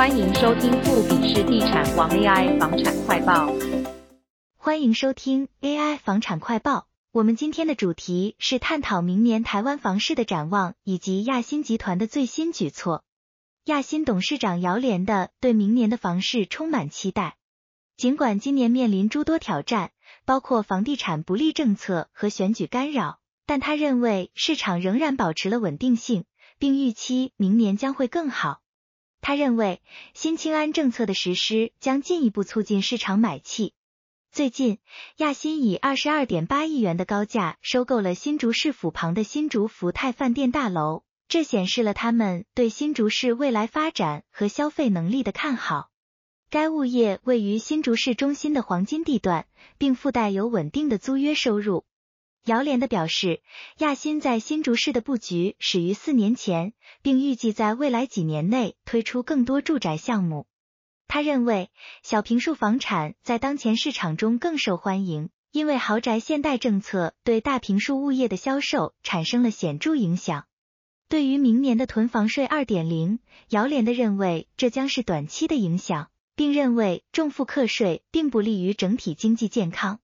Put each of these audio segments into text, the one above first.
歡迎收聽富比士地產王 AI 房產快報。歡迎收聽 AI 房產快報。我們今天的主題是探討明年台灣房市的展望，以及亞昕集團的最新舉措。亞昕董事長姚連地對明年的房市充滿期待，儘管今年面臨諸多挑戰，包括房地產不利政策和選舉干擾，但他認為市場仍然保持了穩定性，並預期明年將會更好。他認為，新青安政策的實施將進一步促進市場買氣。最近，亞昕以二十二點八億元的高價收購了新竹市府旁的新竹福泰飯店大樓，這顯示了他們對新竹市未來發展和消費能力的看好。該物業位於新竹市中心的黃金地段，並附帶有穩定的租約收入。姚連地表示，亞昕在新竹市的佈局始於四年前，並預計在未來幾年內推出更多住宅項目。他認為，小坪數房產在當前市場中更受歡迎，因為豪宅限貸政策對大坪數物業的銷售產生了顯著影響。對於明年的囤房稅二點零，姚連地認為這將是短期的影響，並認為重複課稅並不利於整體經濟健康。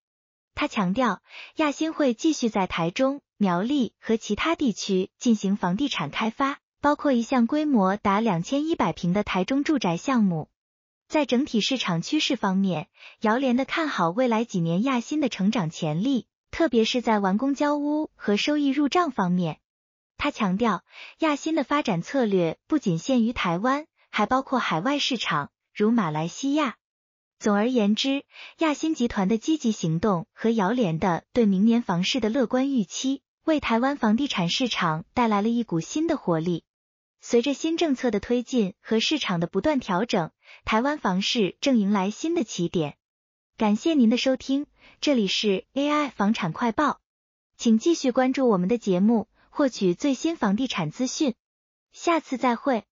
他強調，亞昕會繼續在台中、苗栗和其他地區進行房地產開發，包括一項規模達兩千一百平的台中住宅項目。在整體市場趨勢方面，姚連地看好未來幾年亞昕的成長潛力，特別是在完工交屋和收益入賬方面。他強調，亞昕的發展策略不僅限於台灣，還包括海外市場，如馬來西亞。總而言之，亞昕集團的積極行動和姚連地對明年房市的樂觀預期，為台灣房地產市場帶來了一股新的活力。隨着新政策的推進和市場的不斷調整，台灣房市正迎來新的起點。感謝您的收聽，這裡是 AI 房產快報，請繼續關注我們的節目，獲取最新房地產資訊。下次再會。